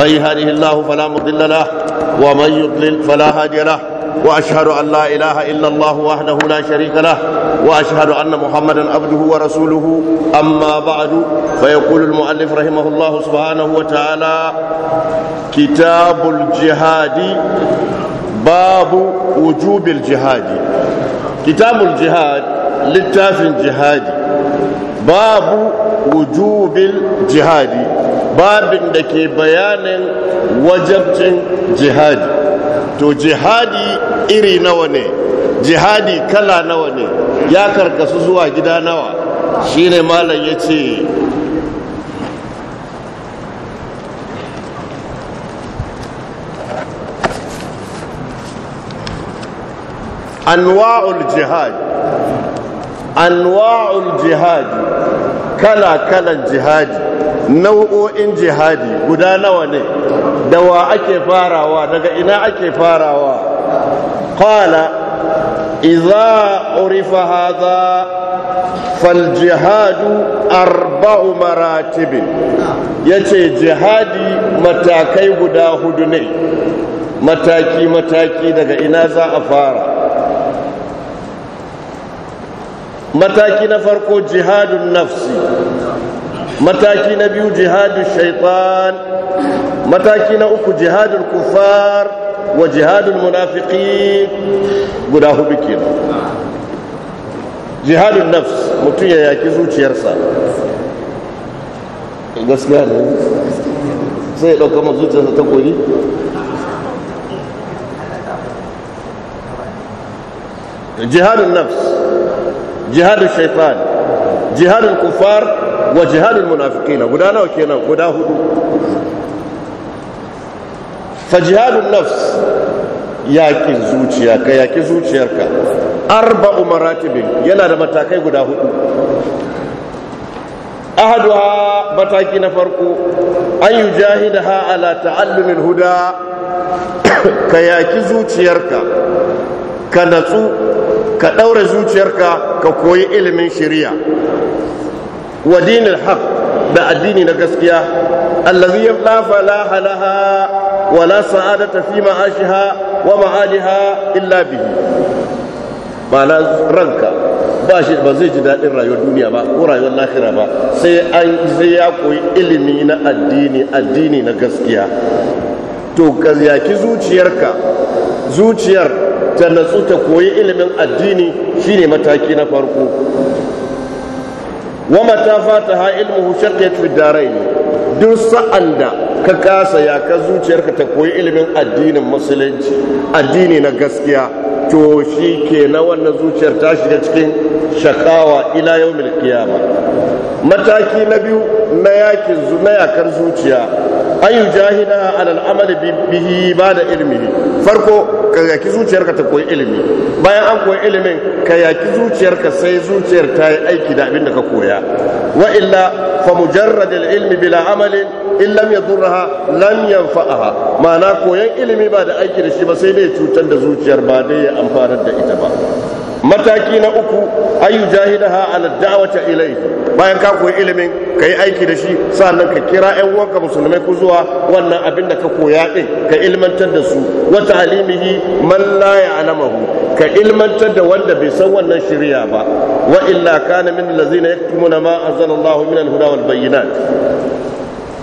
من يهده الله فلا مضل له ومن يضلل فلا هادي له واشهد ان لا اله الا الله وحده لا شريك له واشهد ان محمدا عبده ورسوله اما بعد فيقول المؤلف رحمه الله سبحانه وتعالى كتاب الجهاد باب وجوب الجهاد كتاب الجهاد للتاف الجهاد باب وجوب الجهاد babin da ke bayanin wajabcin jihadi to jihadi iri nawa ne jihadi kala nawa ne ya karkasu zuwa gida nawa shine malam ya ce anwa'ul jihad anwa'ul jihad kala kalan jihadi nau'o'in jihadi guda nawa ne da wa ake farawa daga ina ake farawa qala idza urifa hadha fal jihadu arba'u maratib yace jihadi matakai guda hudu ne mataki mataki daga ina za a fara mataki na farko jihadun nafsi mataki na biyu jihadun shaitan mataki na uku jihadun kufar wa jihadun munafiki guda hudu kenan jihadun nafs mutum ya yaki zuciyarsa gaskiya ne sai ya ɗauka ma zuciyarsa ta kori nafs shaitan kufar wa jihadul munafiqina guda nawa kenan guda hudu fa jihalun nafs yaqin zuciya ka yaki zuciyarka arba'u maratibin yana da matakai guda hudu ahaduha mataki na farko an yujahidaha ala ta'allumil huda ka yaqin zuciyarka ka natsu ka daura zuciyarka ka koyi ilimin shari'a wa dinil haq da addini na gaskiya allazi la falaha laha wa la sa'adata fi ma'ashiha wa ma'aliha illa bihi ma'ana ranka ba shi ba zai ji daɗin rayuwar duniya ba ko rayuwar lahira ba sai an sai ya koyi ilimi na addini addini na gaskiya to ka yaki zuciyarka zuciyar ta natsu ta koyi ilimin addini shine mataki na farko wa mata ha ilmuhu shaqiyat fi darain duk sa'an da ka kasa ya ka zuciyarka ta koyi ilimin addinin musulunci addini na gaskiya to shi ke na wannan zuciyar ta shiga cikin shakawa ila yau milkiyama mataki na biyu na yakin na yakar zuciya ayu jahida ala al'amali bihi ba da ilimi farko ka yaki zuciyarka ta koyi ilimi bayan an koyi ilimin ka yaki zuciyarka sai zuciyar ta yi aiki da abin da ka koya wa illa fa mujarrad ilmi bila amalin in lam yadurha lam yanfa'aha ma'ana koyan ilimi ba da aiki da shi ba sai dai cutar da zuciyar ba dai ya amfanar da ita ba mataki na uku ayu jahidaha ala da'wati ilayhi bayan ka koyi ilimin ka yi aiki da shi sannan ka kira yan uwanka musulmai ku zuwa wannan abin da ka koya din ka ilmantar da su wa ta'alimihi man la ya'lamuhu ka ilmantar da wanda bai san wannan shirya ba wa illa kana min allazina yaktumuna ma anzalallahu min al-huda wal bayyinat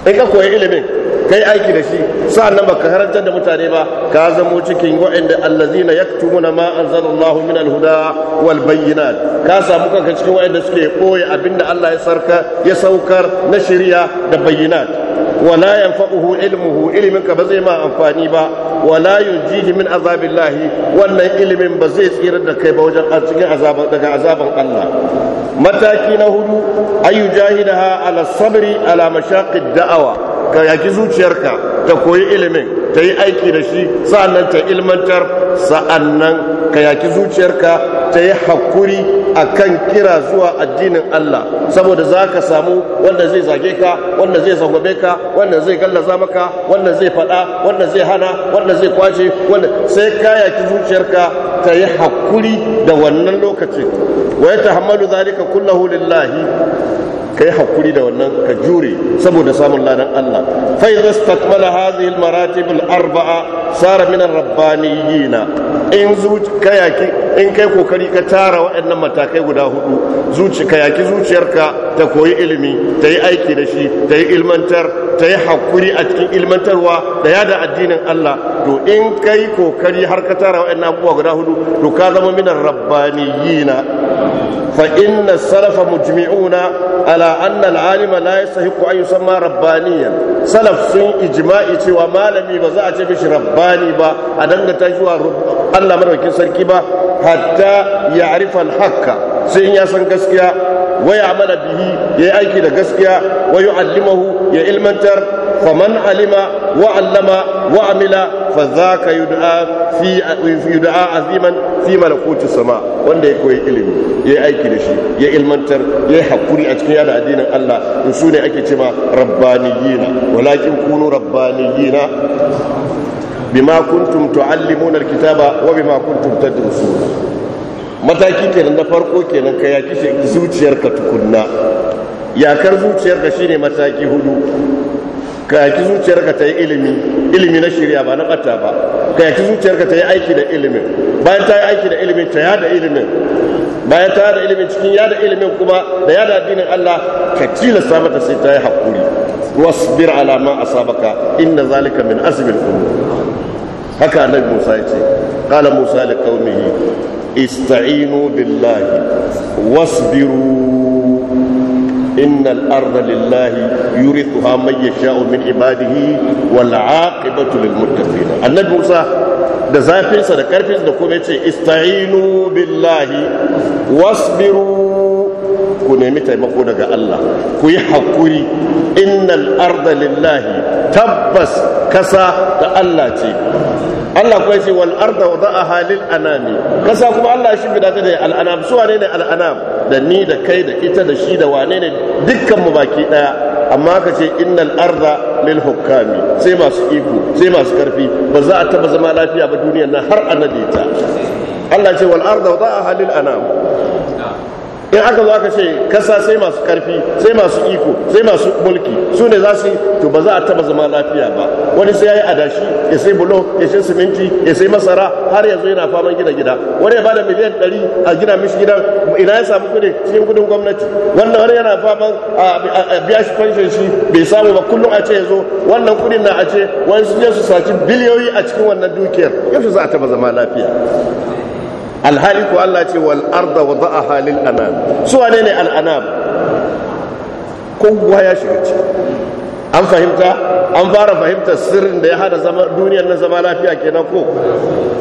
in ka koyi ilimin kai aiki da shi sa'annan ba ka harantar da mutane ba ka zamo cikin wa'inda allazina yaktumuna ma anzalallahu min al-huda wal bayyinat ka samu kanka cikin wa'inda suke koyi abinda Allah ya sarka ya saukar na shari'a da bayyinat wala yanfa'uhu ilmuhu ilimin ba zai ma amfani ba wala yunjihi min azabillahi wannan ilimin ba zai tsira da kai ba wajen cikin azaban daga azaban Allah mataki na hudu ayu ha ala sabri ala mashaqid da'awa ka yaki zuciyarka ta koyi ilimin ta yi aiki da shi sa'annan ta ilmantar sa'annan ka yaki zuciyarka ta yi hakuri akan kira zuwa addinin Allah saboda za ka samu wanda zai zage ka wanda zai zangwabe ka wanda zai gallaza maka wanda zai faɗa wanda zai hana wanda zai kwace wanda sai ka yaki zuciyarka ta yi hakuri da wannan lokacin wa ya tahammalu zalika kullahu lillahi ka yi hakuri da wannan ka jure saboda samun ladan Allah fa idza istakmala hadhihi almaratib arba'a sara min ar na in zuci kayaki in kai kokari ka tara waɗannan matakai guda hudu zuci kayaki zuciyarka ta koyi ilimi ta yi aiki da shi ta yi ilmantar ta yi haƙuri a cikin ilmantarwa da yada addinin Allah to in kai kokari har ka tara wa'in abubuwa guda hudu to ka zama minan na fa inna salafa mujmi'una ala anna al'alima la yastahiqu an yusamma rabbaniyan salaf sun ijma'i cewa malami ba za a ce mishi rabbani ba a dangata shi wa Allah madaukakin sarki ba hatta ya al-haqqa sai in ya san gaskiya waya mana bihi ya yi aiki da gaskiya wa allimahu ya ilmantar faman alima wa allama wa amila fa za ka fi yud'a aziman fi malakuti sama wanda ya koyi ilimi ya yi aiki da shi ya ilmantar ya yi hakuri a cikin yada addinin Allah in su ne ake cewa rabbaniyina walakin kunu rabbaniyina bima kuntum tuallimuna alkitaba wa bima kuntum tadrusun mataki kenan na farko kenan ka yaki zuciyarka tukunna yakar zuciyarka shine mataki hudu ka yaki zuciyarka ta yi ilimi ilimi na shirya ba na bata ba ka yaki zuciyarka ta yi aiki da ilimin bayan ta yi aiki da ilimin ta yada ilimin bayan ta yada ilimin cikin yada ilimin kuma da yada addinin Allah ka tilasta da sai ta yi hakuri wasbir ala ma asabaka inna zalika min azmil umur haka annabi Musa ya ce qala Musa li qaumihi istainu billahi lillahi yurithuha man yasha'u min ibadihi wal 'aqibatu annabi musa da zafinsa da karfin sa da kuma yace istainu billahi wasbiru ku nemi taimako daga Allah ku yi hakuri innal arda lillahi tabbas kasa da Allah ce Allah kuwa ce wal arda wada'aha lil anami kasa kuma Allah shi bida ta da al al'anam, su wane ne al'anam? da ni da kai da ita da shi da wane ne dukkan mu baki daya amma ka ce innal arda lil hukami sai masu iko sai masu karfi ba za a taba zama lafiya ba duniyar nan har annabi ta Allah ce wal arda a halil anam in aka zo aka ce kasa sai masu karfi sai masu iko sai masu mulki su ne za su to ba za a taba zama lafiya ba wani sai ya yi adashi ya sai bulo ya sai siminti ya sai masara har yanzu yana faman gina gida wani ya bada miliyan ɗari a gina mishi gidan ina ya samu kuɗi cikin kuɗin gwamnati wannan wani yana faman a biya shi fanshin shi bai samu ba kullum a ce ya zo wannan kuɗin na a ce wani su je su saci biliyoyi a cikin wannan dukiyar yau za a taba zama lafiya alhali ko Allah ce wal arda a halin anam su wane ne al kowa ya shiga ciki an fahimta an fara fahimtar sirrin da ya hada duniyar na zama lafiya kenan ko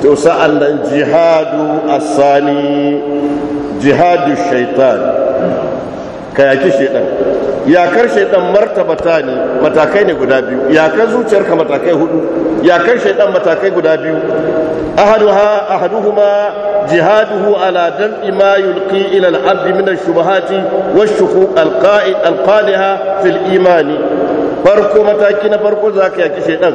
to sa'an nan jihadu asani jihadu shaitan kayaki shaitan yakar shaidan martabata ne matakai ne guda biyu yakar zuciyarka matakai hudu yakar shaidan matakai guda biyu ahaduha ahaduhuma jihaduhu ala dam'i ma yulqi ila al-abd min ash-shubuhati wash-shukuq fil imani farko mataki na farko zaka yaki shaidan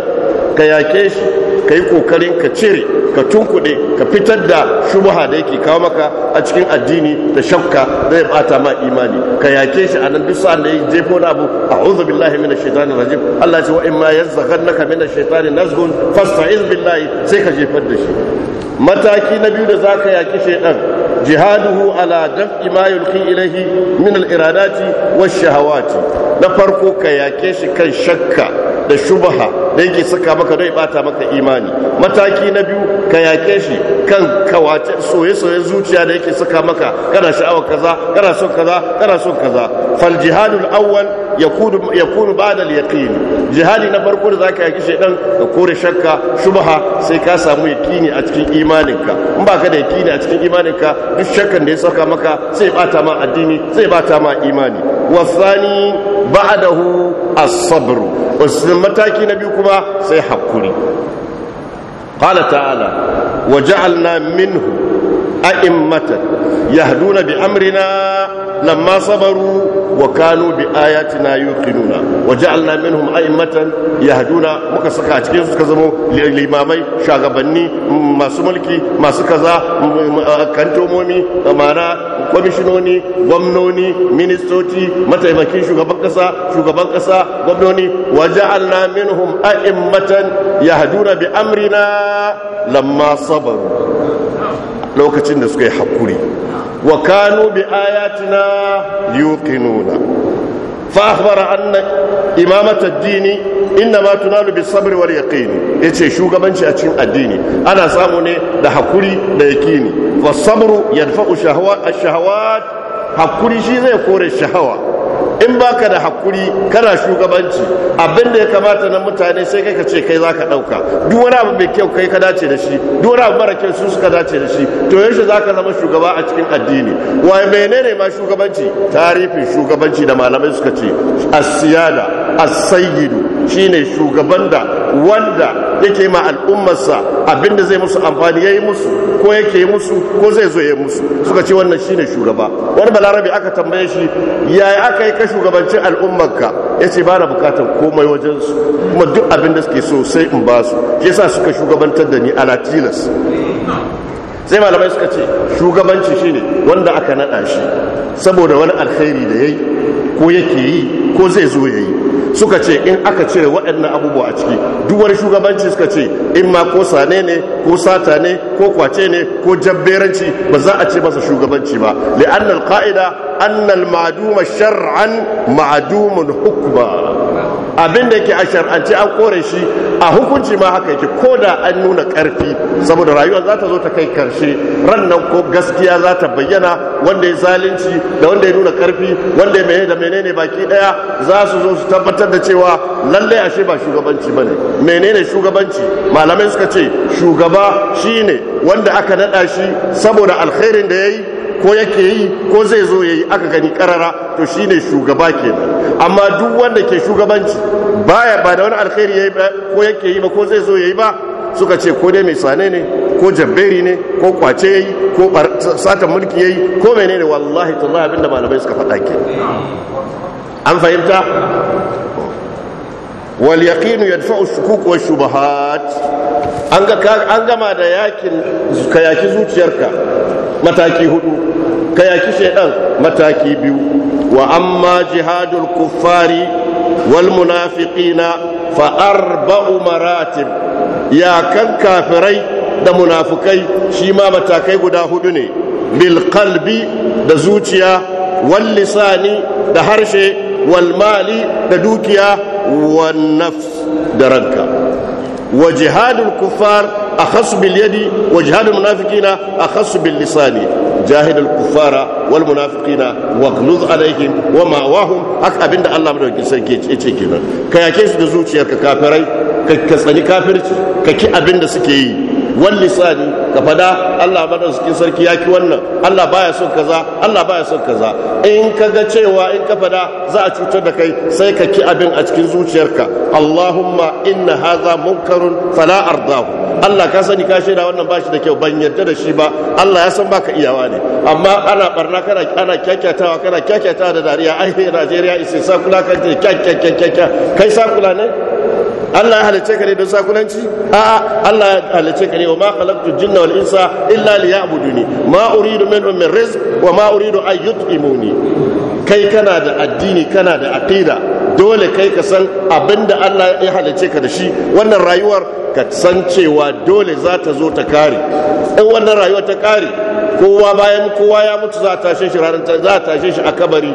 ka yake shi ka yi kokarin ka cire ka tunkuɗe ka fitar da shubuha da yake kawo maka a cikin addini da shakka da ya bata ma imani ka yake shi a nan duk da ya jefo na abu a'udhu billahi minash shaitani rajim Allah ya ce wa in ma yanzaghannaka shaitanin shaitani nazghun fasta'iz billahi sai ka jefar da shi mataki na biyu da zaka yaki shaitan jihaduhu ala daf'i ma yulqi ilayhi min al-iradati wash shahawati na farko ka yake shi kan shakka da shubha da yake saka maka rai bata maka imani mataki na biyu ka yake shi kan kawace soye-soye zuciya da yake saka maka kana sha'awar kaza kana son kaza kana son kaza fal jihadul awwal yakunu yakunu ba'da al-yaqin jihadi na farko da zaka shi dan ka kore shakka shubha sai ka samu yaqini a cikin imaninka in baka da yaqini a cikin imaninka duk shakkan da ya saka maka sai bata ma addini sai bata ma imani wasani ba'dahu as-sabr mataki na biyu kuma sai hakuri qala ta'ala waja'alna minhu a'immatan yahduna bi amrina lamma sabaru wa kanu bi ayatina yuqinuna wa ja'alna minhum a'immatan yahduna muka saka a cikin suka zama limamai shagabanni masu mulki masu kaza mm, mm, kantomomi amara kwamishinoni gwamnoni ministoci mataimakin shugaban kasa shugaban kasa gwamnoni wa ja'alna minhum a'immatan yahduna bi amrina lamma sabaru lokacin da suka yi haƙuri wa kanu bi ayatina yuqinuna fa akhbara anna imamata ad-dini tunalu bis sabr wal yaqin yace shugabanci a cikin addini ana samu ne da haƙuri da yaqini was sabru yadfa'u shahawa ash-shahawat haƙuri shi zai kore shahawa in ba ka da haƙuri kana shugabanci abinda ya kamata na mutane sai kai ka ce kai zaka ɗauka duk wani abu mai kyau kai ka dace da shi duk abu mara kyau su suka dace da shi to yaushe ka zama shugaba a cikin addini wai menene ma shugabanci tarihin shugabanci da malamai suka ce asiyada asayidu Shi ne shugaban da wanda yake ma al'ummarsa abinda zai musu amfani yayi musu ko yake yi musu ko zai zo yi musu suka ce wannan shi ne shugaba wani balarabe aka tambaye shi yaya aka yi ka shugabancin al'ummarka ya ce ba na bukatar komai wajensu kuma duk abinda suke so sai in ba su sa suka shugabantar da ni ala tilas sai malamai suka ce shugabanci shine wanda aka nada shi saboda wani alkhairi da yayi ko yake yi ko zai zo yayi suka ce in aka cire waɗannan abubuwa a ciki duwar shugabanci suka ce in ma ko sane ne ko sata ne ko kwace ne ko jabberanci ba za a ce masa shugabanci ba li'annal qa'ida annal ma'duma shar'an ma'dumun hukma abin da yake a shar'ance an kore shi a hukunci ma haka yake ko da an nuna karfi saboda rayuwa za ta zo ta kai karshe ran nan ko gaskiya za ta bayyana wanda ya zalunci da wanda ya nuna karfi wanda ya mene da menene baki daya za su zo su tabbatar da cewa lalle ashe ba shugabanci ba ne. menene shugabanci malamai suka ce shugaba shine wanda aka nada shi saboda alkhairin da yayi ko yake yi ko zai zo ya yi aka gani karara to shine shugaba ke amma duk wanda ke shugabanci baya ba da wani alkhairi ya yi ba ko yake yi ba ko zai zo ya yi ba suka ce ko dai mai sane ne ko jabberi ne ko kwace ya yi ko satan mulki ya yi ko mene ne wallahi tallahi abinda malamai suka faɗa ke an fahimta wal yaqinu yadfa'u shukuk wa shubahat an ga an gama da yakin ka yaki zuciyarka mataki hudu ka yaki shaidan mataki biyu wa amma jihadul kuffari wal munafiqina fa arba'u maratib ya kan kafirai da munafukai shi ma matakai guda hudu ne bil qalbi da zuciya wal lisani da harshe wal mali da dukiya wan nafs da ranka wa jihadul kuffar akhasu bil yadi wa jahadul munafiqina akhasu bil lisani jahidal kufara wal munafiqina wa ghluz alaihim wa ma wahum haka abinda Allah mai dauki sarki yace kenan ka yake su da zuciyarka kafirai ka tsani kafirci kaki abinda suke yi wani tsari ka fada Allah madaukakin sarki ya ki wannan Allah baya son kaza Allah baya son kaza in ka ga cewa in ka fada za a cutar da kai sai ka ki abin a cikin zuciyarka Allahumma inna haza munkarun fala ardahu Allah ka sani ka shaida wannan bashi da kyau ban yarda da shi ba Allah ya san baka iyawa ne amma ana barna kana kana kyakkyatawa kana kyakkyatawa da dariya ai Najeriya isa sakula kan ce kyakkyakkyakka kai sakula ne Allah ya halicce ka ne don sakunanci? a'a Allah ya halicce ka ne wa ma khalaqtu jinna wal insa illa liya'buduni ma uridu minhum min rizq wa ma uridu an yut'imuni kai kana da addini kana da aqida dole kai ka san abinda Allah ya halicce ka da shi wannan rayuwar ka san cewa dole za ta zo ta kare in wannan rayuwar ta kare kowa bayan kowa ya mutu za za a tashe shi a kabari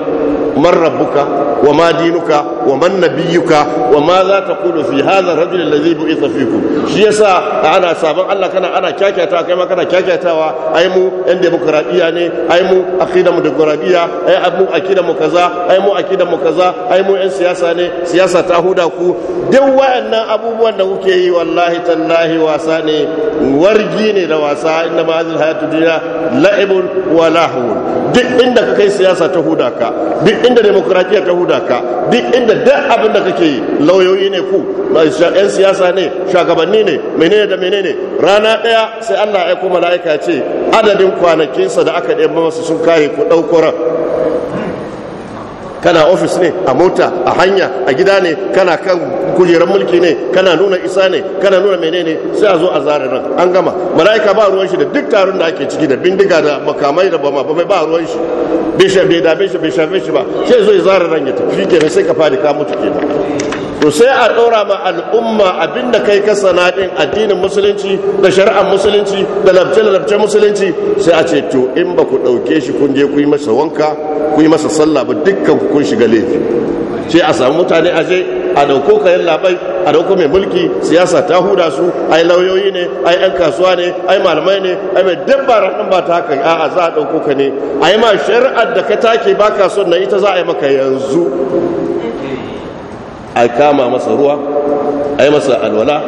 من ربك وما دينك ومن نبيك وما لا تقول في هذا الرجل الذي بعث فيكم شي يسا انا سابن الله كان انا كاكيتا كما كان كاكيتاوا اي مو ان ديمقراطيه ني اي مو اكيد مو ديمقراطيه اي ابو اكيد مو كذا اي مو اكيد مو كذا اي مو ان سياسه ني سياسه ta huda ku duk wa'annan abubuwan da kuke yi wallahi tallahi wasa ne wargi ne da wasa inda ma hazil hayatu dunya la'ibun wa lahun duk inda ka kai siyasa ta huda ka duk inda demokradiyya ta huda ka duk inda duk abin da kake yi lauyoyi ne ku yan siyasa ne shugabanni ne menene da menene rana daya sai Allah ya aiko mala'ika ce adadin kwanakinsa da aka ɗaya masa sun kare ku ɗauko kana ofis ne a mota a hanya a gida ne kana kan kujerar mulki ne kana nuna isa ne kana nuna ne sai a zo a zare ran an gama mala'ika ba ruwan shi da duk taron da ake ciki da bindiga da makamai da bama bamai ba ruwan shi bai da bai shi ba sai zo ya zare ran ya tafi kenan sai ka fadi ka mutu kenan to sai a ɗora ma al'umma abin da kai ka na ɗin addinin musulunci da shari'ar musulunci da labce-labce musulunci sai a ce to in ba ku ɗauke shi kun je ku yi masa wanka ku yi masa sallah ba dukkan kun shiga laifi sai a samu mutane a je a dauko kayan labai a dauko mai mulki siyasa ta huda su ai lauyoyi ne ai yan kasuwa ne ai malamai ne ai mai dabbaran ɗin ba ta haka a'a za a dauko ka ne ai ma shari'ar da ka take baka son na ita za a yi maka yanzu a kama masa ruwa a yi masa alwala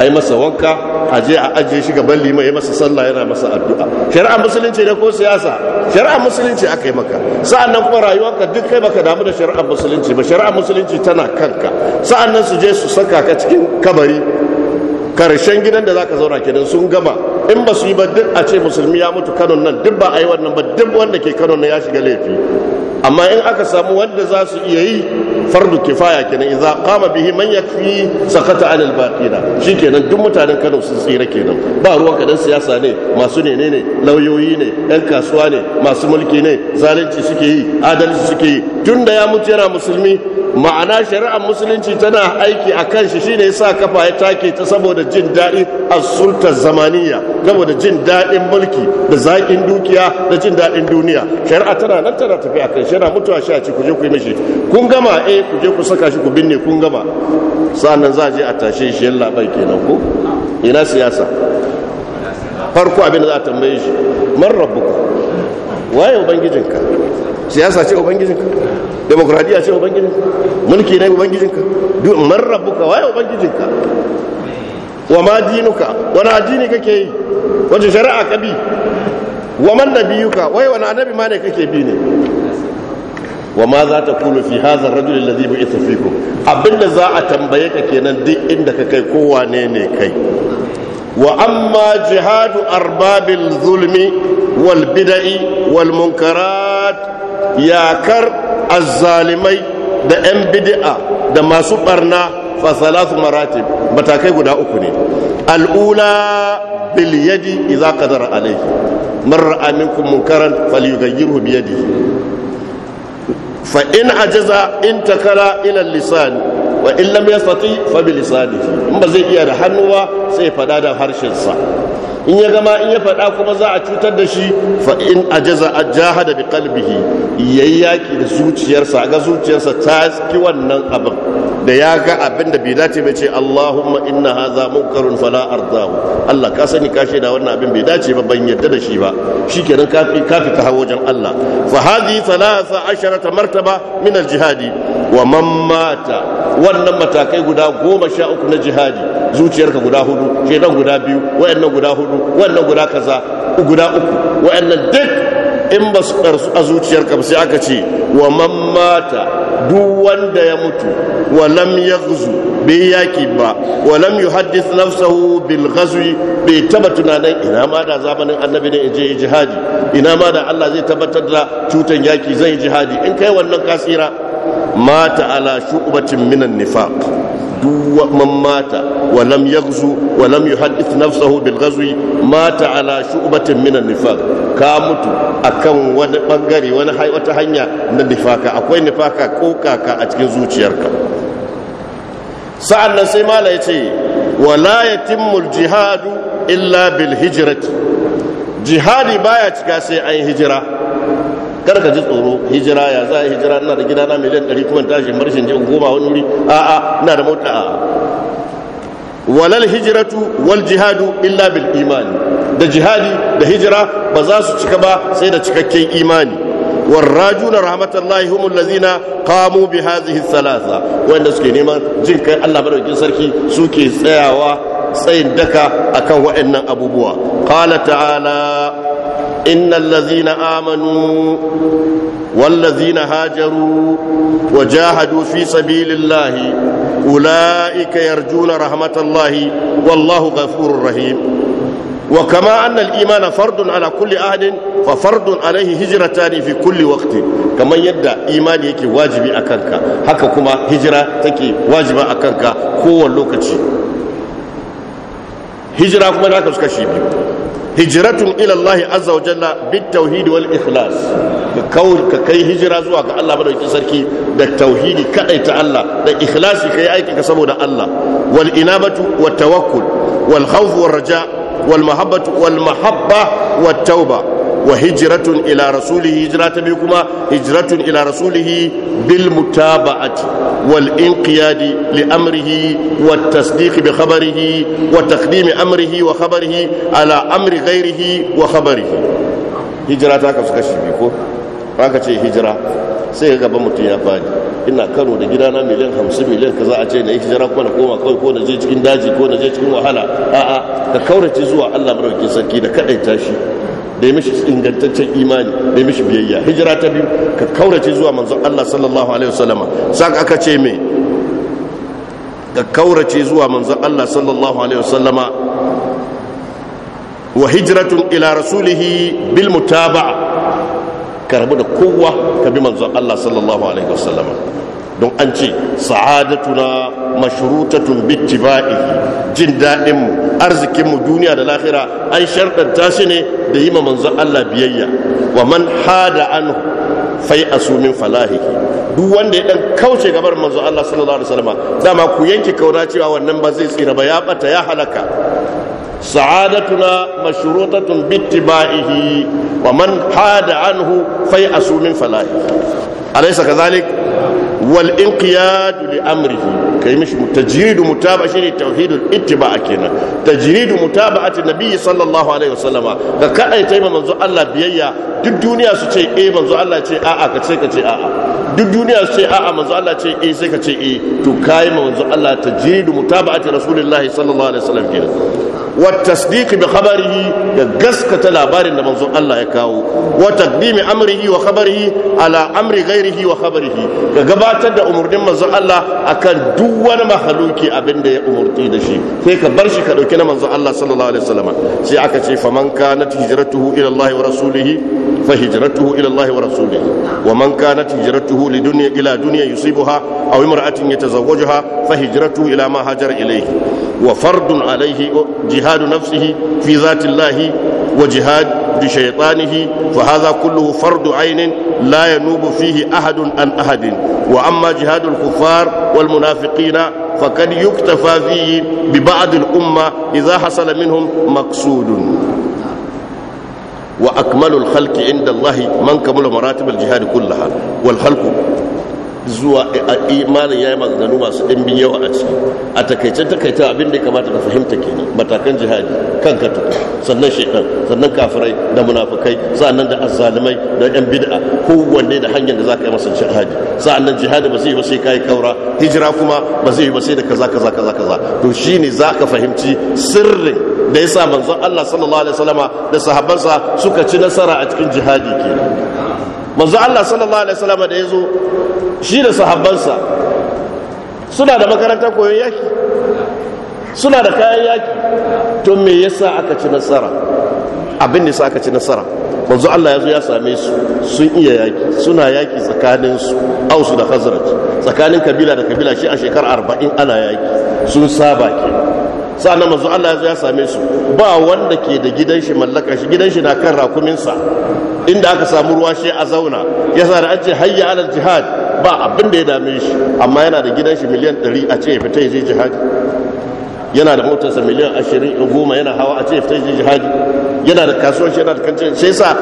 a yi masa wanka a je a ajiye shi gaban liman ya masa sallah yana masa addu'a shari'a musulunci ne ko siyasa shari'a musulunci aka yi maka sa'annan kuma rayuwarka duk kai baka damu da shari'a musulunci ba shari'a musulunci tana kanka sa'annan su je su saka ka cikin kabari karshen gidan da zaka zauna kenan sun gama in ba su yi ba a ce musulmi ya mutu kanon nan duk ba a yi wannan ba duk wanda ke kano nan ya shiga laifi amma in aka samu wanda za su iya yi fardu kifaya kenan idza qama bihi man yakfi sakata an albaqina shikenan duk mutanen Kano sun tsira kenan ba ruwan kadan siyasa ne masu ne ne lauyoyi ne yan kasuwa ne masu mulki ne zalunci suke yi adalci suke yi tunda ya mutu yana musulmi ma'ana shari'ar musulunci tana aiki a kan shi shine yasa kafa ya take ta saboda jin daɗi a sultar zamaniya saboda jin daɗin mulki da zaƙin dukiya da jin daɗin duniya shari'a tana nan tana tafi a kan shari'a mutuwa shi a ci ku je ku yi mishi kun gama eh ku je ku saka shi ku binne kun gama sannan za a je a tashe shi yalla bai kenan ko ina siyasa farko abin da za a tambaye shi man rabbuka waye ubangijinka siyasa ce ubangijinka demokradiya ce ubangijinka mulki ne ubangijinka duk man rabbuka waye ubangijinka wa ma dinuka wani addini kake yi wace shari'a ka bi wa man nabiyuka wai wani annabi ma ne kake bi ne wa ma za ta kulu fi haza ar-rajul alladhi bu'itha fikum abinda za a tambaye ka kenan duk inda ka kai kowa ne kai wa amma jihadu arbabil zulmi wal bidai wal munkarat yakar azzalimai da 'yan bidi'a da masu barna fasalatu salatu maratib matakai guda uku ne al'ula bil yadi idza qadara alayhi man ra'a minkum munkaran falyughayyirhu bi yadihi fa in ajaza in takala ila lissani, wa in lam yastati fa bi lisanihi in ba zai iya da hannuwa sai fada da harshen sa in ya gama in ya faɗa kuma za a cutar da shi fa in ajaza ajahada bi qalbihi yayi yaki da zuciyarsa ga zuciyarsa ta ki wannan abin da ya ga abin da bai dace ba ce Allahumma inna hadha munkarun fala ardahu Allah ka sani ka da wannan abin bai dace ba ban yadda da shi ba shi kenan kafi fita wajen Allah fa hadhi 13 martaba min al-jihadi wa man mata wannan matakai guda goma sha uku na jihadi zuciyarka guda hudu nan guda biyu wayannan guda hudu wayannan guda kaza guda uku wayannan duk in ba su ɗarsu a zuciyarka ba sai aka ce wa man mata duk wanda ya mutu wa lam yaghzu bai yaki ba wa lam yuhaddith nafsahu bil ghazwi bai taba tunanin ina ma da zamanin annabi ne je jihadi ina ma da Allah zai tabbatar da cutan yaki zai jihadi in kai wannan kasira mata ala shu'batin minan nifaq Duwa man mata wa lam yaghzu wa lam yuhaddith nafsahu bil ghazwi mata ala shu'batin min nifaq ka mutu akan wani bangare wani wata hanya na nifaka akwai nifaka ko kaka a cikin zuciyarka sa'an nan sai mala yace wala yatimmu al jihadu illa bil hijrati jihadi baya cika sai an hijira karka ji tsoro hijira ya za a hijira na da gidana miliyan ɗari kuma tashi marshen je goma wani wuri A'a na da mota walal hijiratu wal jihadu illa bil imani da jihadi da hijira ba za su cika ba sai da cikakken imani wal rajuna rahmatullahi humul lazina qamu bi hadhihi thalatha wanda suke neman jin kai Allah madaukin sarki suke tsayawa tsayin daka akan waɗannan abubuwa qala ta'ala إن الذين آمنوا والذين هاجروا وجاهدوا في سبيل الله أولئك يرجون رحمة الله والله غفور رحيم وكما أن الإيمان فرض على كل أهل ففرض عليه هجرتان في كل وقت كما يدى إيمان يكي واجب أكنك هكا كما هجرة تكي واجب أكنك هو اللوكتي هجرة كما ناكس كشي بيو hijiratun ilallahi azawajalla bit tauhidi wal ikhlas ka ka kai hijira zuwa ga Allah madaukakin sarki da tauhidi kadai ta Allah da ikhlasi kai aiki ka saboda Allah wal inabatu wat tawakkul wal khawf war raja wal mahabbatu wal mahabba wat tauba wa hijratun ila rasulihi hijira ta biyu kuma hijratun ila rasulihi bil mutaba'ati wal inqiyadi li amrihi wa tasdiq bi khabarihi wa taqdim amrihi wa khabarihi ala amri ghairihi wa khabarihi hijira ta kasu kashi biyu ko ka ce hijira sai gaba mutum ya fadi ina kano da gidana miliyan hamsin miliyan ka za a ce na yi hijira kuma na koma kawai ko na je cikin daji ko na je cikin wahala a'a ka kaurace zuwa allah maraukin sarki da kaɗaita shi da ya mishi ingantaccen imani da ya mishi biyayya hijira ta biyu ka kaurace zuwa manzon Allah sallallahu alaihi wasallama sai aka ce me ka kaurace zuwa manzon Allah sallallahu alaihi wasallama wa hijratun ila rasulihi bil mutaba'a ka rabu da kowa ka bi manzon Allah sallallahu alaihi wasallama don an ce sa'adatuna mashrutatun bittiba'i jin daɗin mu arzikin mu duniya da lahira an sharɗanta shi ne da yi ma manzon Allah biyayya wa man hada anhu fai asumin falahihi duk wanda ya dan kauce gabar manzo Allah sallallahu alaihi wasallam dama ku yanki kauna cewa wannan ba zai tsira ba ya bata ya halaka sa'adatuna mashrutatun bittiba'ihi wa man hada anhu fai asumin falahi alaysa kazalik wal inqiyadu li amrihi kai mishi tajridu mutaba shine tauhidul ittiba kenan tajridu mutaba'ati nabiyyi sallallahu alaihi wasallama da kai ta manzo Allah biyayya duk duniya su ce eh manzo Allah ce a'a ka ce ka ce a'a duk duniya su ce a'a manzo Allah ce eh sai ka ce eh to kai manzo Allah tajridu mutaba'ati rasulillahi sallallahu alaihi wasallam wa bi khabarihi da gaskata labarin da manzon Allah ya kawo wa taqdimi amrihi wa khabarihi ala amri ghairihi wa khabarihi ga gabatar da umurnin manzon Allah akan duk wani mahaluki abin da ya umurti da shi sai ka bar shi ka dauki na manzon Allah sallallahu alaihi wasallam sai aka ce faman kanat hijratuhu ila Allah wa rasulihi فهجرته إلى الله ورسوله ومن كانت هجرته لدنيا إلى دنيا يصيبها أو امرأة يتزوجها فهجرته إلى ما هاجر إليه وفرض عليه جهاد نفسه في ذات الله وجهاد بشيطانه فهذا كله فرض عين لا ينوب فيه أحد عن أحد وأما جهاد الكفار والمنافقين فقد يكتفى فيه ببعض الأمة إذا حصل منهم مقصود وأكمل الخلق عند الله من كمل مراتب الجهاد كلها والخلق zuwa eh, a imanin ya yi maganganu masu ɗimbin yawa a ciki a takaicen takaita abin da ya kamata ka fahimta kenan matakan jihadi kan ka tuku sannan shaidan sannan kafirai da munafukai sa'annan da azalimai da yan bid'a kowanne da hanyar da za ka yi masa jihadi sa'annan jihadi ba zai yi ba sai ka yi kaura hijira kuma ba zai yi ba sai da kaza kaza kaza kaza to shi ne za ka fahimci sirrin da ya sa manzon Allah sallallahu alaihi wasallama da sahabbansa suka ci nasara a cikin jihadi kenan manzo Allah sallallahu alaihi wasallam da yazo shi da sahabbansa suna da makarantar koyon yaki suna da kayan yaki to me yasa aka ci nasara abin da yasa aka ci nasara manzo Allah yazo ya same su sun iya yaki suna yaki tsakanin su su da khazraj tsakanin kabila da kabila shi a shekar 40 ana yaki sun saba kenan sa'an mazu Allah ya same su ba wanda ke da gidan shi mallaka shi gidan shi na kan rakuminsa inda aka samu ruwa shi a zauna ya sa da an ce hayya alal jihad ba abin da ya dame shi amma yana da gidan shi miliyan 100 a ce ya fita ya je jihad yana da motarsa miliyan 20 goma yana hawa a ce ya fita ya je jihad yana da kasuwanci yana da kancin sai sa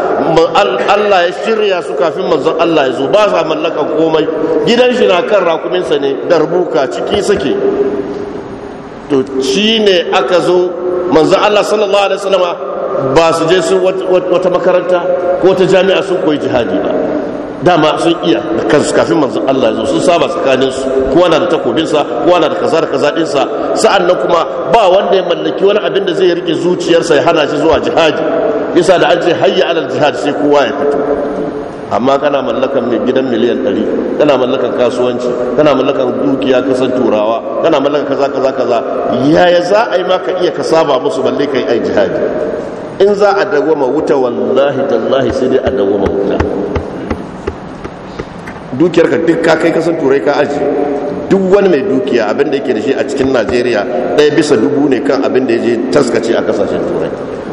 Allah ya shirya su kafin manzon Allah ya zo ba sa mallaka komai gidan shi na kan rakuminsa ne darbuka ciki sake to shi ne aka zo manzo Allah sallallahu alaihi wasallam ba su je su wata makaranta ko wata jami'a sun koyi jihadi ba dama sun iya da kansu kafin manzo Allah zo sun saba tsakanin su kowa na da takobinsa kowa na da kaza da kaza sa'an na kuma ba wanda ya mallaki wani abin da zai rike zuciyarsa ya hana shi zuwa jihadi yasa da an ce hayya alal jihad sai kowa ya fito amma kana mallakan gidan miliyan 100 kana mallakan kasuwanci kana mallakan dukiya kasan turawa kana mallakan kaza kaza kaza yaya za a yi maka iya ka saba musu balle kai ai jihadi in za a dawoma wuta wallahi tallahi sai dai a dawoma wuta ka duk ka kai kasan turai ka aji duk wani mai dukiya abin da yake da shi a cikin najeriya ɗaya bisa dubu ne kan abin da ya je taskace a kasashen turai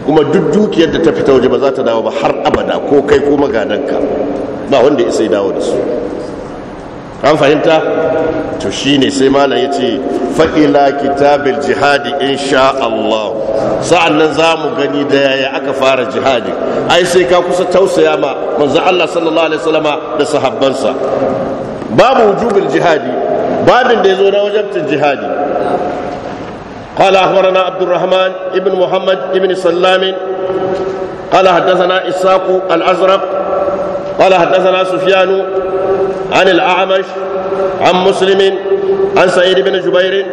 kuma duk dukiyar da ta fita waje ba za ta dawo ba har abada ko kai ko magadanka ba wanda ya sai dawo da su an fahimta to ne sai malam ya ce fa'ila kitabil jihadi insha Allah sa'an nan za mu gani da yaya aka fara jihadi ai sai ka kusa tausaya ma manzo Allah sallallahu alaihi wasallama da sahabbansa babu wujubin jihadi babin da ya zo na wajabtin jihadi قال أخبرنا عبد الرحمن ابن محمد ابن سلام قال حدثنا إساق الأزرق قال حدثنا سفيان عن الأعمش عن مسلم عن سعيد بن جبير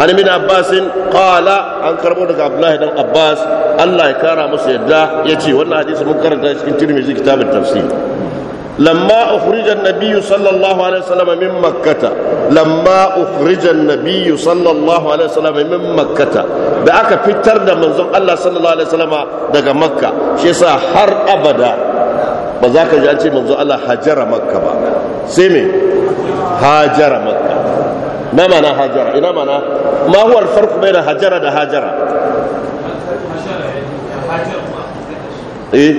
عن ابن عباس قال عن كربون عبد الله بن عباس الله يكرم مسيدا يجي وانا حديث منكر في الترمذي كتاب التفسير لما أخرج النبي صلى الله عليه وسلم من مكة لما أخرج النبي صلى الله عليه وسلم من مكة da aka fitar da manzon Allah sallallahu alaihi wasallam daga Makka shi yasa har abada ba za ka ji an ce manzon Allah hajara Makka ba sai me hajara Makka na mana hajara ina mana ma huwa alfarq bayna hajara da hajara eh,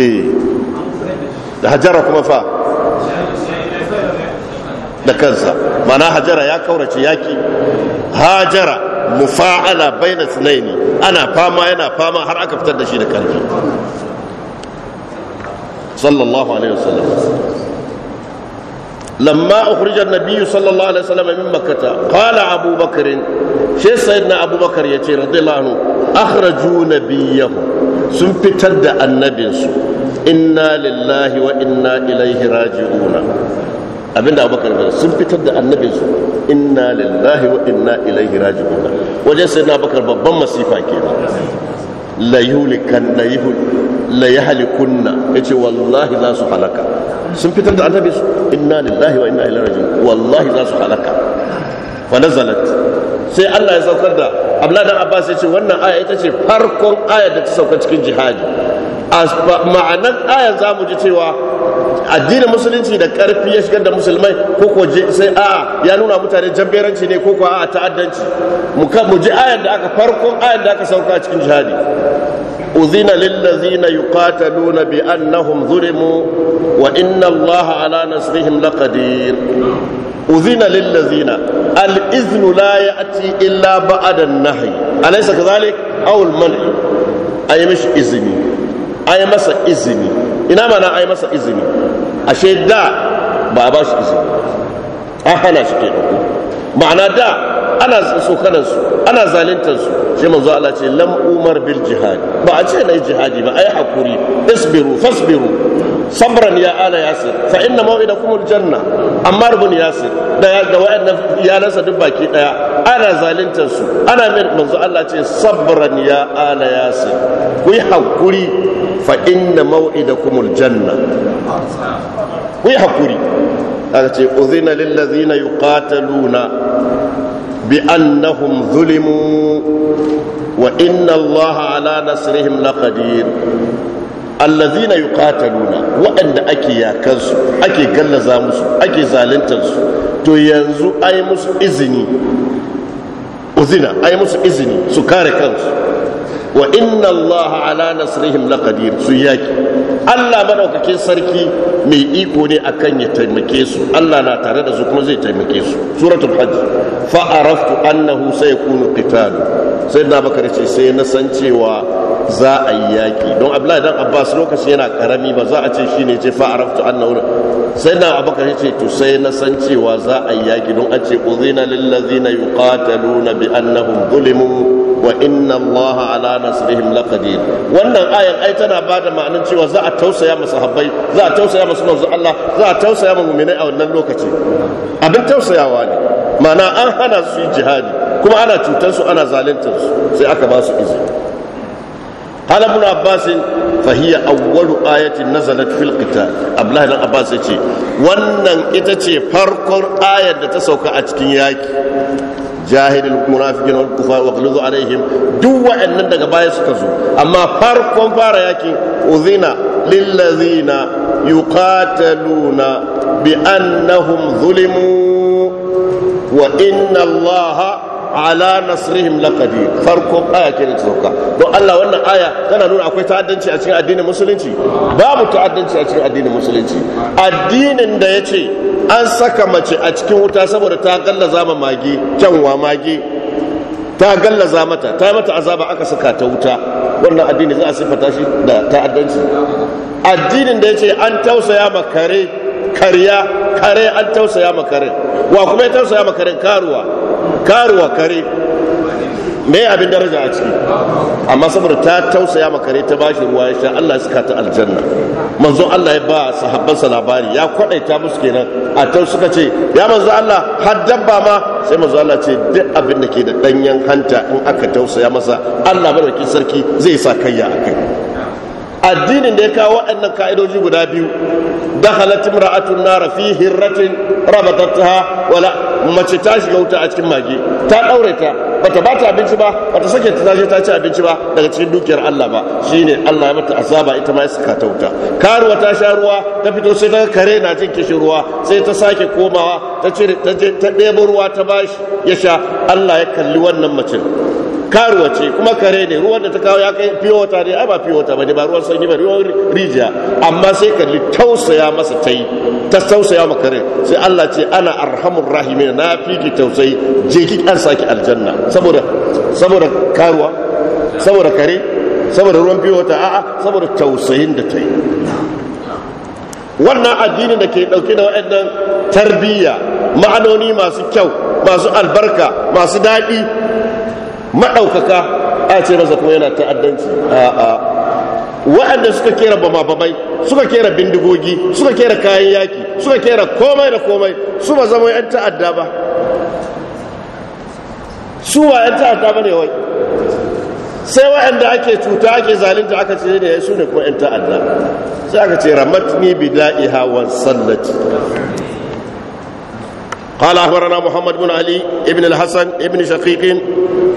eh. da hajara kuma fa da kansa mana hajara ya kaurace yaki hajara mufa'ala baina sunaini ana fama yana fama har aka fitar da shi da karfi sallallahu alaihi wasallam لما أخرج النبي صلى الله عليه min من مكة قال أبو بكر شيء سيدنا أبو بكر يتي رضي الله عنه أخرجوا نبيه سنفتد النبي سنفتد inna lillahi wa inna ilaihi raji'una abinda abubakar bada sun fitar da annabinsu inna lillahi wa inna ilaihi raji'una wajen sai na bakar babban masifa ke la yulikan la yuhul la yahlikunna yace wallahi za su halaka sun fitar da annabinsu inna lillahi wa inna ilaihi raji'una wallahi za su halaka fa nazalat sai Allah ya saukar da Abdullahi dan Abbas ya ce wannan aya ita ce farkon aya da ta sauka cikin jihadi ma'anar ayan za mu ji cewa addinin musulunci da ƙarfi ya shigar da musulmai ko ko sai a'a ya nuna mutane jan beranci ne ko ko ta'addanci mu ka mu ji da aka farko ayan da aka sauka cikin jihadi uzina lil ladzina yuqataluna bi annahum zulimu wa inna allaha ala nasrihim laqadir uzina lil ladzina al iznu la ya'ti illa ba'da an-nahy alaysa kadhalik aw al man'i ayyamish izni ai masa izini ina mana ai masa izini ashe da ba a ba shi izini an hana shi ke ɗauko ma'ana da ana tsokanar su ana zalintar su shi manzo Allah ce lam umar bil jihad ba a ce nayi jihadi ba ai hakuri isbiru fasbiru sabran ya ala yasir fa inna maw'idakum al janna ammar bin yasir da ya da wa'annan iyalansa duk baki daya ana zalintar su ana min manzo Allah ce sabran ya ala yasir ku yi hakuri fa da maw'idakumul janna ku yi hakuri aka ce uzina lillazina yuqataluna bi annahum zulimu wa inna allaha ala nasirihim nasrihim laqadir allazina yuqataluna waɗanda ake yakansu ake gallaza musu ake zaluntarsu to yanzu ai musu izini uzina ai musu izini su kare kansu wa inna Allah ala nasrihim laqadir su yaki Allah madaukakin sarki mai iko ne akan ya taimake su Allah na tare da su kuma zai taimake su suratul hajj fa araftu annahu sayakunu qital sai na bakar ce sai na san cewa za a yi yaki don abdullahi dan abbas lokaci yana karami ba za a ce shine ce fa araftu annahu sai na abakar ce to sai na san cewa za a yi yaki don a ce uzina lil ladzina yuqataluna bi annahum zulimu wa inna Allah ala nasrihim laqadir wannan ayan ai tana bada ma'anin cewa za a tausaya masa habbai za a tausaya masa manzo Allah za a tausaya masa mu'minai a wannan lokaci abin tausayawa ne ma'ana an hana su yi jihadi kuma ana cutar su ana zaluntar su sai aka ba su izini hala mun abbas fahiya awwalu ayatin nazalat fil qital abdullahi dan abbas yace wannan ita ce farkon ayar da ta sauka a cikin yaki jahilin al-munafiqin wal kufar wa ghlizu alaihim duk wa'annan daga baya suka zo amma farkon fara yakin uzina lillazina yuqataluna bi annahum zulimu wa inna allaha ala nasrihim laqadi farko aya ke da tsoka don Allah wannan aya tana nuna akwai ta'addanci a cikin addinin musulunci babu ta'addanci a cikin addinin musulunci addinin da yace an saka mace a cikin wuta saboda ta gallaza ma mage kyanwa mage ta gallaza mata ta mata azaba aka saka ta wuta wannan addini za a siffata shi da ta'addanci addinin da ya ce an tausaya ma kare kariya kare an tausaya ma kare wa kuma ya tausaya ma karen karuwa karuwa kare me abin daraja a ciki amma saboda ta tausaya makare ta bashi ruwa ya sha Allah suka ta aljanna manzon Allah ya ba sa labari ya kwadaita musu kenan a tau suka ce ya manzo Allah har dabba ma sai manzo Allah ce duk abin da ke da danyen hanta in aka tausaya masa Allah madaukakin sarki zai sa kayya akai addinin da ya kawo waɗannan ka'idoji guda biyu dakhalat imra'atun nar fi hirratin rabatatha wala mace ta shiga wuta a cikin mage ta daure ta bata ba ta abinci ba bata sake ta je ta ci abinci ba daga cikin dukiyar Allah ba shine Allah ya mata azaba ita ma ya saka ta wuta karuwa ta sha ruwa ta fito sai ta kare na jin kishin ruwa sai ta sake komawa ta cire ta ɗebo ruwa ta bashi ya sha Allah ya kalli wannan mace karuwa ce kuma kare ne ruwan da ta kawo ya kai fiye wata ne ai ba fiye wata ba ne ba ruwan sanyi ba ruwan rijiya amma sai kalli tausaya masa ta yi ta tausaya ma kare sai Allah ce ana arhamur rahimin na fi ki tausayi je ki kan saki aljanna saboda saboda karuwa saboda kare saboda ruwan fiye wata a'a saboda tausayin da ta yi wannan addinin da ke dauke da waɗannan tarbiyya ma'anoni masu kyau masu albarka masu daɗi maɗaukaka a ce masa kuma yana ta'addanci a'a waɗanda suka kera bama babai suka kera bindigogi suka kera kayan yaki suka kera komai da komai su ba zama yan ta'adda ba su ba yan ta'adda ba ne wai sai waɗanda ake cuta ake zalinta aka ce ne su ne kuma yan ta'adda sai aka ce ramat ni bi da'iha wan sallati قال أخبرنا محمد بن علي ابن الحسن ابن شقيق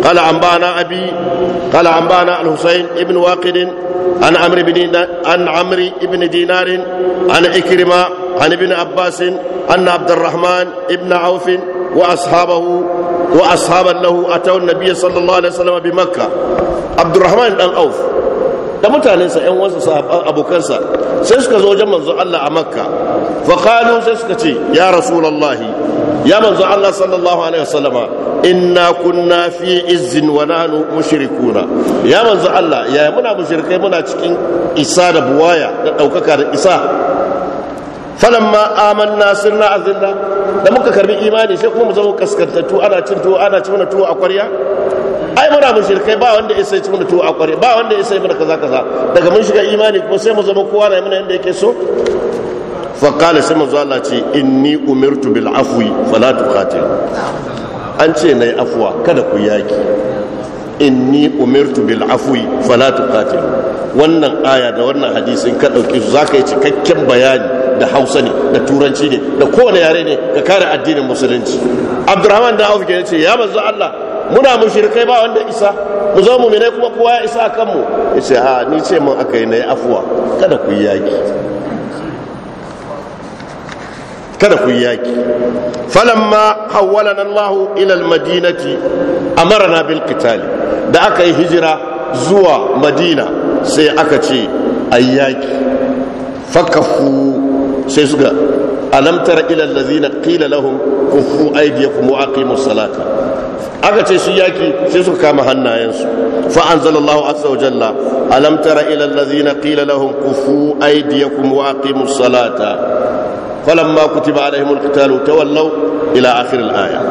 قال أنبانا أبي قال أنبانا الحسين ابن واقد عن عمرو بن عن عمرو بن دينار عن إكرمة عن ابن عباس أن عبد الرحمن ابن عوف وأصحابه وأصحابا له أتوا النبي صلى الله عليه وسلم بمكة عبد الرحمن بن عوف da mutanensa ‘yan wasu abokansa sai suka zo wajen manzo Allah a makka faƙalu sai suka ce ya rasulallahi ya manzo Allah sallallahu alaihi wasallama inna kunna fi izzin wa nanu mushrikuna ya manzo Allah ya muna mushrikai muna cikin isa da buwaya da daukaka da isa falamma amanna sirna azilla da muka karbi imani sai kuma mu zama kaskantattu ana cin tuwo ana ci mana tuwo a kwarya ai muna mushrikai ba wanda ya sai ci mana tuwo a kwarya ba wanda ya sai mana kaza kaza daga mun shiga imani kuma sai mu zama kowa na mana yanda yake so faƙala sai manzo Allah ce ni umirtu bil afuwi fala katil an ce na yi afuwa kada ku yaƙi in ni umirtu bil afuwi fala katil wannan aya da wannan hadisin ka ɗauki su zaka yi cikakken bayani da Hausa ne da Turanci ne da kowane yare ne ka kare addinin musulunci Abdurrahman da Auf ke ce ya mazu Allah muna mushrikai ba wanda isa mu zo mu mene kuma kowa ya isa a kanmu ya ce ha ni ce mun aka yi na yi afuwa kada ku yi yaƙi. kada ku yaki falamma hawwalana Allah ila almadinati amarna bil qital da aka yi hijira zuwa madina sai aka ce ayyaki fakafu sai suka alam tara ila allazina qila lahum kufu aydiyakum wa aqimus salata aka ce su yaki sai suka kama hannayensu fa anzalallahu azza wa jalla alam tara ila allazina qila lahum kufu aydiyakum wa aqimus salata فلما كتب عليهم القتال تولوا إلى آخر الآية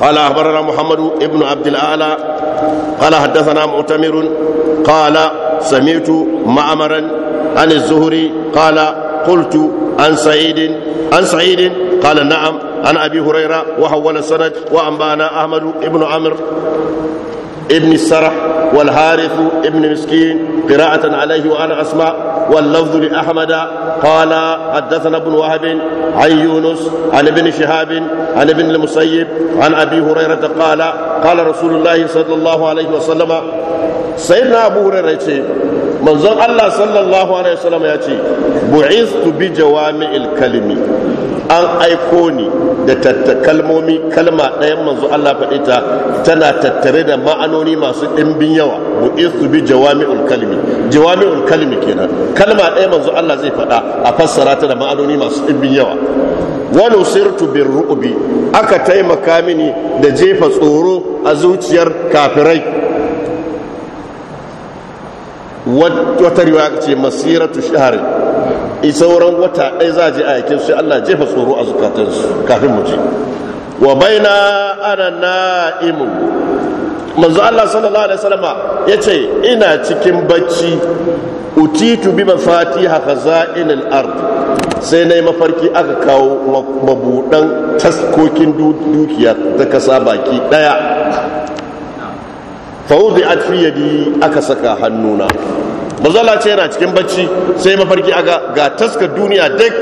قال أخبرنا محمد ابن عبد الأعلى قال حدثنا معتمر قال سمعت معمرا عن الزهري قال قلت عن سعيد عن سعيد قال نعم عن أبي هريرة وحول السند وأنبانا أحمد ابن عمرو ابن السرح والهارث ابن مسكين قراءة عليه وأنا أسمع واللفظ لأحمد قال حدثنا ابن وهب عن يونس عن ابن شهاب عن ابن المسيب عن أبي هريرة قال قال رسول الله صلى الله عليه وسلم سيدنا أبو هريرة manzon Allah sallallahu alaihi wasallam ya ce bu'istu bi jawami'il kalimi an aiko ni da kalmomi kalma ɗayan manzo Allah faɗi ta tana tattare da ma'anoni masu ɗimbin yawa bu'istu bi jawami'ul kalimi jawami'ul kalimi kenan kalma ɗaya manzo Allah zai faɗa a fassara ta da ma'anoni masu ɗimbin yawa wani sirtu bin ru'ubi aka taimaka mini da jefa tsoro a zuciyar kafirai wata riwaya ce masiratu shahari sauran wata ɗai za a je a yakin sai Allah jefa tsoro a zukatansu kafin mu je wa baina ana na'imun manzo Allah sallallahu alaihi wasallama ce ina cikin bacci utitu bi mafati haka al-ard sai na yi mafarki aka kawo mabudan taskokin dukiya ta kasa baki ɗaya. fawudi a yadi aka saka hannuna mazala ce yana cikin bacci sai mafarki aka ga taskar duniya duk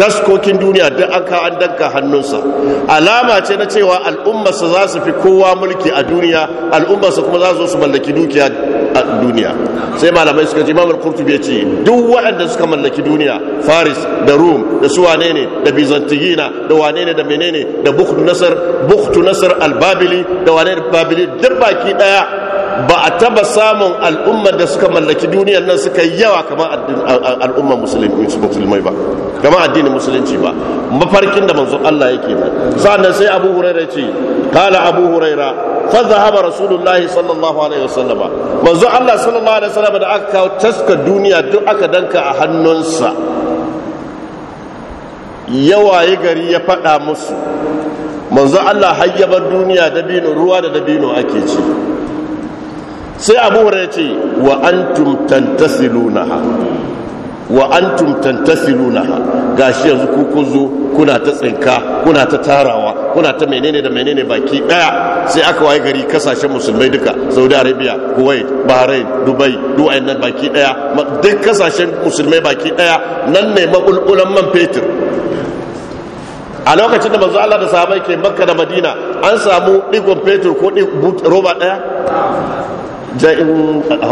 taskokin duniya duk an ka an danka hannunsa alama ce na cewa al'ummarsa za su fi kowa mulki a duniya al'ummarsa kuma za su su mallaki dukiya a duniya sai malamai suka ce imamul qurtubi ya ce duk waɗanda suka mallaki duniya faris da rum da su wane ne da bizantiyina da wane ne da menene da bukhtu nasar bukhtu nasar al-babili da wane ne babili duk baki daya ba a taba samun al'ummar da suka mallaki duniyar nan suka yawa kamar al'ummar musulmi musulmai ba kamar addini addini musulunci ba mafarkin da manzo Allah yake ba sannan sai Abu Hurairah ce kala Abu Hurairah fa zahaba rasulullahi sallallahu alaihi wasallam manzo Allah sallallahu alaihi wasallam da aka kawo taska duniya duk aka danka a hannunsa yawaye gari ya faɗa musu manzo Allah hayyabar duniya dabino ruwa da dabino ake ci sai abu hurairah ce wa antum tantasilunaha wa an antum tantasilunaha gashi yanzu ku zo kuna ta tsinka kuna ta tarawa kuna ta menene da menene baki daya sai aka waye gari kasashen musulmai duka saudi arabia kuwait bahrain dubai duwayen nan baki daya duk kasashen musulmai baki daya nan ne maɓulɓulan man fetur a lokacin da manzo Allah da sahabai ke makka da madina an samu digon fetur ko roba daya ja'in a a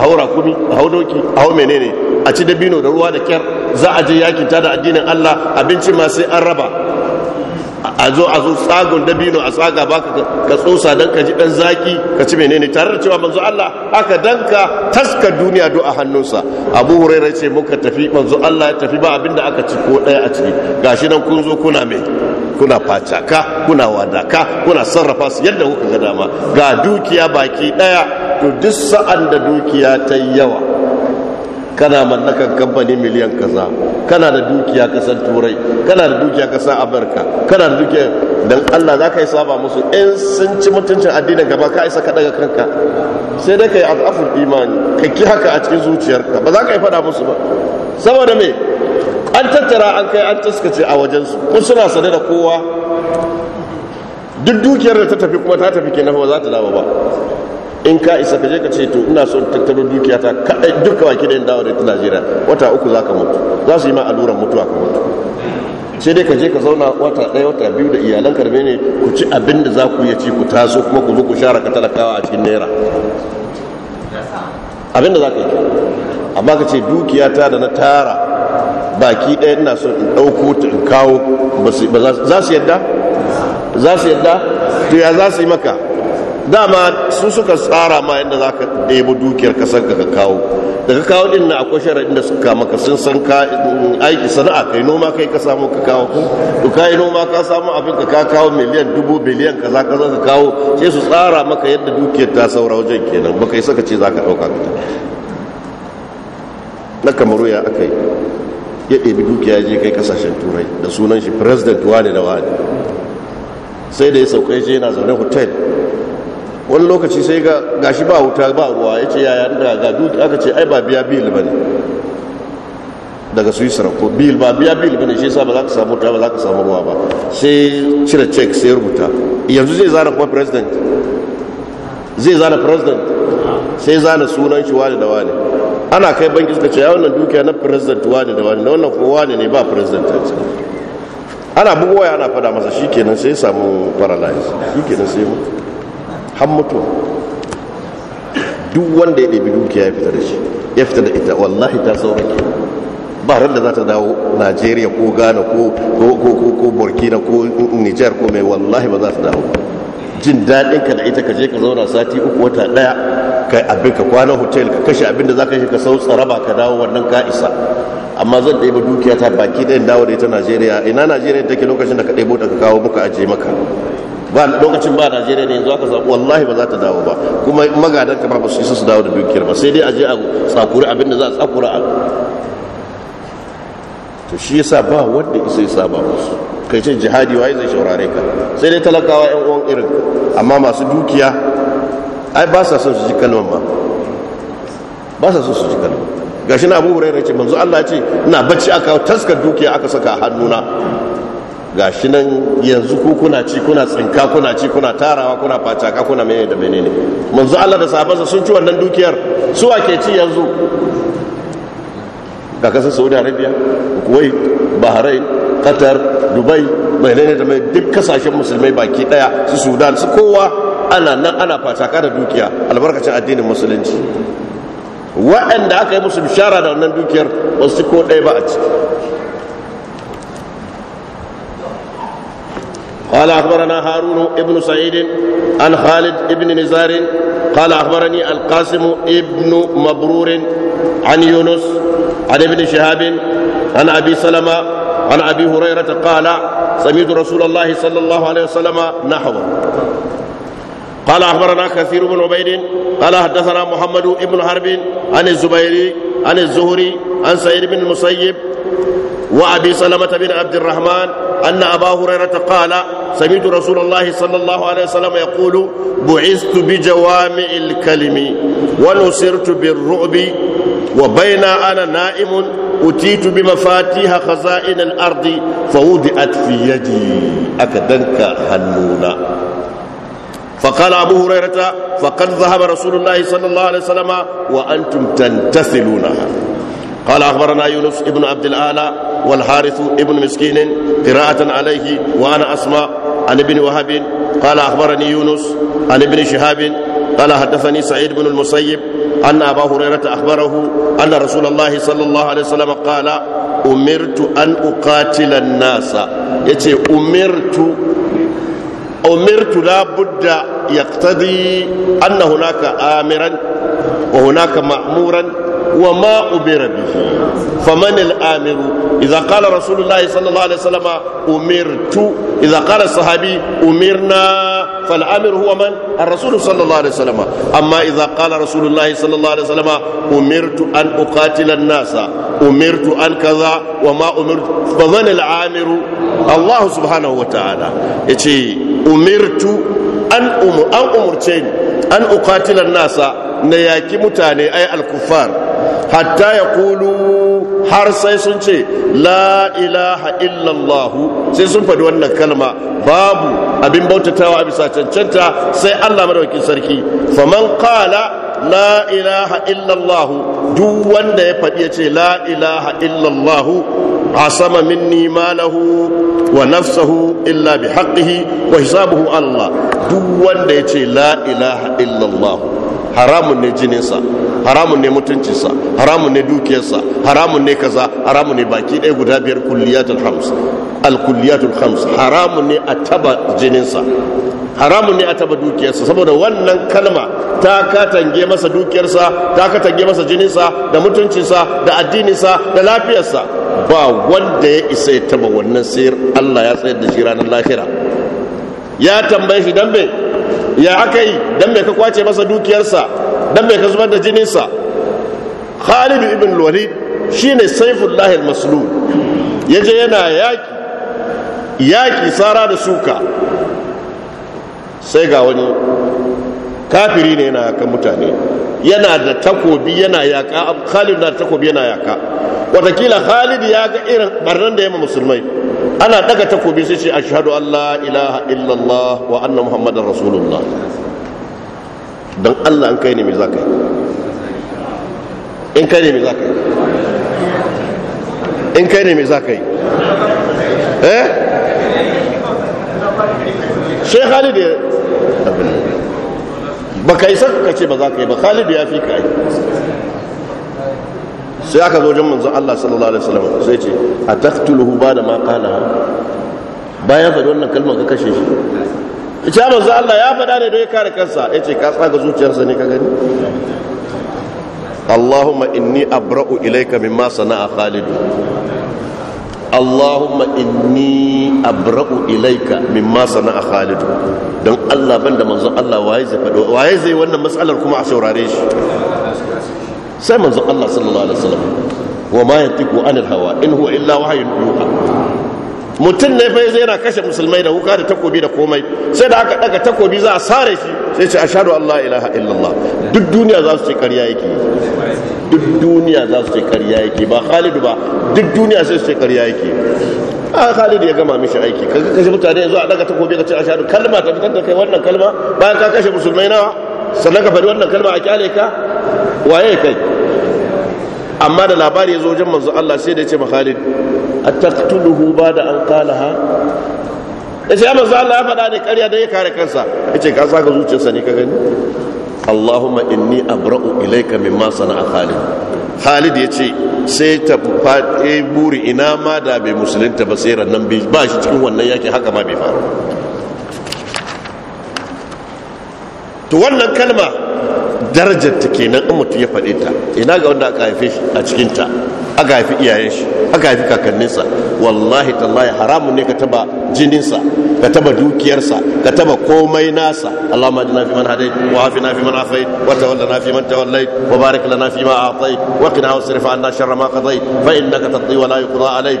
hau rakumi a hau doki a hau menene a ci dabino da ruwa da kyar za a je yakin da addinin Allah abinci ma sai an raba a zo a zo tsagon dabino a tsaga baka ka tsosa dan ka ji dan zaki ka ci menene tare da cewa manzo Allah aka danka taska duniya do a hannunsa Abu Hurairah ce muka tafi manzo Allah ya tafi ba abinda aka ci ko daya a ciki gashi nan kun zo kuna me kuna facaka kuna wadaka kuna sarrafa su yadda kuka ga dama ga dukiya baki daya to duk sa'an da dukiya ta yawa kana mallakan kamfanin miliyan kaza kana da dukiya kasan turai kana da dukiya kasan amurka kana da dukiya don allah za ka yi saba musu in sun ci mutuncin addinin gaba ka isa ka daga kanka sai dai ka yi al'afur imani ka ki haka a cikin zuciyarka ba za ka yi faɗa musu ba saboda me an tattara an kai an taskace a wajensu kun suna sane da kowa duk dukiyar da ta tafi kuma ta tafi kenan ba za ta dawo ba in ka isa ka je ka ce to ina son tattaro dukiya ta kaɗai duka waki da dawo da ta najeriya wata uku za ka mutu za su yi ma alluran mutuwa ka mutu sai dai ka je ka zauna wata ɗaya wata biyu da iyalan karbe ne ku ci abin da za ku iya ci ku taso kuma ku zo ku share ka talakawa a cikin naira abin da za ka yi amma ka ce dukiya ta da na tara baki ɗaya ina son in ɗauko ta in kawo Ba za su yadda za su yadda to ya za su yi maka dama su suka tsara ma yadda za ka ɗebo dukiyar kasar ka ka kawo daga kawo din na akwai shara inda suka maka sun san ka mm, aiki sana'a kai noma kai ka samu ka kawo to ka yi noma ka samu abin ka kawo miliyan dubu biliyan kaza kaza ka kawo sai su tsara maka yadda dukiyar ta saura wajen kenan baka yi saka ce za ka ɗauka ka na kamaru ya aka yi ya ɗebi dukiya je kai kasashen turai da sunan shi president wani da wani sai da ya sauka ya je yana zaune hotel wani lokaci sai ga gashi ba wuta ba ruwa ya ce yaya da ga duki aka ce ai ba biya bil ba ne daga yi ko bil ba biya bil ba ne shi yasa ba za ka samu wuta ba za ka samu ruwa ba sai cire cek sai rubuta yanzu zai zana kuma president zai zana president sai zana sunan shi wani da wani ana kai banki suka ce ya wannan dukiya na president wani da wani na wannan kuma wani ne ba president a ciki ana bugowa ana fada masa shikenan sai samu paralyze kenan sai mutu har mutu duk wanda ya ɗabi dukiya ya fita da shi ya fita da ita wallahi ta sauraki ba ran da za ta dawo najeriya ko ghana ko burkina ko nijar ko mai wallahi ba za ta dawo jin daɗin ka da ita ka je ka zauna sati uku wata ɗaya ka abin ka kwana hotel ka kashe abin da za ka yi ka sau tsaraba ka dawo wannan ka isa amma zan ɗaya dukiya ta baki ɗayan dawo da ita najeriya ina najeriya take lokacin da ka ɗaya ta ka kawo muka aje maka ba lokacin ba Najeriya ne yanzu aka zaɓi wallahi ba za ta dawo ba kuma magadan ka ba su isa su dawo da dukiyar ba sai dai a je a tsakuri abin da za a tsakura a to shi yasa ba wanda isa ya saba musu kai ce jihadi waye zai shaurare ka sai dai talakawa yan uwan irin amma masu dukiya ai ba sa son su ji kalmar ma ba sa son su ji kalmar gashi na abu hurairah ce manzo Allah ce ina bacci aka taskar dukiya aka saka a hannuna gashi nan yanzu ku kuna ci kuna tsinka kuna ci kuna tarawa kuna facaka kuna menene da menene manzo Allah da sahabbansa sun ci wannan dukiyar su ke ci yanzu ga kasar Saudi Arabia Kuwait Bahrain Qatar Dubai menene da mai duk kasashen musulmai baki daya su Sudan su kowa ana nan ana facaka da dukiya albarkacin addinin musulunci waɗanda aka yi musu bishara da wannan dukiyar ba su ko ɗaya ba a ciki قال أخبرنا هارون ابن سعيد عن خالد ابن نزار قال أخبرني القاسم ابن مبرور عن يونس عن ابن شهاب عن أبي سلمة عن أبي هريرة قال سمعت رسول الله صلى الله عليه وسلم نحوه قال أخبرنا كثير بن عبيد قال حدثنا محمد بن حرب عن الزبيري عن الزهري عن سعيد بن المسيب وأبي سلمة بن عبد الرحمن أن أبا هريرة قال سمعت رسول الله صلى الله عليه وسلم يقول بعثت بجوامع الكلم ونصرت بالرعب وبين أنا نائم أتيت بمفاتيح خزائن الأرض فوضعت في يدي أكدنك هنونا فقال أبو هريرة فقد ذهب رسول الله صلى الله عليه وسلم وأنتم تنتثلونها قال أخبرنا يونس ابن عبد الأعلى والحارث ابن مسكين قراءة عليه وأنا أسمع عن ابن وهب قال أخبرني يونس عن ابن شهاب قال حدثني سعيد بن المسيب أن أبا هريرة أخبره أن رسول الله صلى الله عليه وسلم قال أمرت أن أقاتل الناس يتي أمرت أمرت لا بد يقتضي أن هناك آمرا وهناك مأمورا وما أمر به فمن الآمر إذا قال رسول الله صلى الله عليه وسلم أمرت إذا قال الصحابي أمرنا فالآمر هو من؟ الرسول صلى الله عليه وسلم أما إذا قال رسول الله صلى الله عليه وسلم أمرت أن أقاتل الناس أمرت أن كذا وما أمرت فمن العامر الله سبحانه وتعالى يتي أمرت أن أم أن أمرتني أن أقاتل الناس na yaki mutane ai alkufar hatta hatta yaqulu har sai sun ce la ilaha sai sun faɗi wannan kalma babu abin bautatawa a bisa cancanta sai Allah madaukakin sarki faman qala la ilaha duk wanda ya faɗi ya ce la ilaha illallah a sama minni malahu wa nafsahu illa bi haqqihi wa hisabuhu Allah duk wanda ya ce la ilaha haramun ne jininsa haramun ne mutuncinsa haramun ne dukiyarsa haramun ne kaza haramun ne baki ɗaya guda biyar kulliyatul hams al-kulliyatul hams haramun ne a taba jininsa haramun ne a taba dukiyarsa saboda wannan kalma ta katange masa dukiyarsa ta katange masa jininsa da mutuncinsa da addininsa da lafiyarsa ba wanda ya isa ya taba wannan sayar Allah ya tsayar da shi ranar lahira ya tambaye shi dambe ya aka yi dan mai ka kwace masa dukiyarsa dan mai ka zubar da jininsa khalid ibn walid shine saifullah al ya yaje yana yaki yaki tsara da suka sai ga wani kafiri ne yana yakan mutane yana da takobi yana yaka khalid na takobi yana yaka watakila khalid ya ga irin barnan da yamma musulmai ana daga takobi sai ce ashhadu Allah ilaha illallah wa anna muhammadar rasulullah don allah kai ne mai zaka in kai ne mai zaka in kai ne mai zaka yi eh sai khalid ya ba yi ba khalid ya fi sai aka zo wajen manzon Allah sallallahu alaihi wasallam sai ce ataqtuluhu ba da ma qala bayan faɗi wannan kalmar ka kashe shi ita manzo Allah ya faɗa ne don ya kare kansa yace ka tsaga zuciyarsa ne ka gani Allahumma inni abra'u ilayka mimma sana'a Khalid Allahumma inni abra'u ilayka mimma sana'a Khalid don Allah banda manzo Allah waye zai faɗo waye zai wannan matsalar kuma a saurare shi sai manzon Allah sallallahu alaihi wasallam wa ma yantiqu anil hawa in huwa illa wahyun yuha mutum ne fa zai yana kashe musulmai da wuka da takobi da komai sai da aka daga takobi za a sare shi sai ce ashhadu an la ilaha illallah duk duniya za su ce ƙarya yake duk duniya za su ce ƙarya yake ba Khalidu ba duk duniya sai su ce ƙarya yake a Khalidu ya gama mishi aiki kaga kashe mutane yanzu a daga takobi ka ce ashhadu kalma ta fitar da kai wannan kalma bayan ka kashe musulmai nawa sannan ka faɗi wannan kalma a kyale ka waye kai amma da labari ya zo wajen manzo Allah sai da ya ce ma Khalid attaqtuluhu ba an qalaha ya ce manzo Allah ya faɗa da ƙarya da ya kare kansa ya ce ka saka zuciyarsa ne ka gani Allahumma inni abra'u ilayka mimma sana'a Khalid Khalid ya ce sai ta faɗe buri ina ma da bai musulunta ba sai rannan ba shi cikin wannan yakin haka ma bai faru to wannan kalma darajar ta kenan in mutum ya faɗe ta ina ga wanda aka haife shi a cikin ta aka haifi iyayen shi aka haifi kakanninsa wallahi tallahi haramun ne ka taba jininsa ka taba dukiyarsa ka taba komai nasa allahumma ajina fi man hadait wa hafina fi man afait wa fi man wa barik lana fi ma wa qina anna sharra ma fa innaka wa la yuqda alayk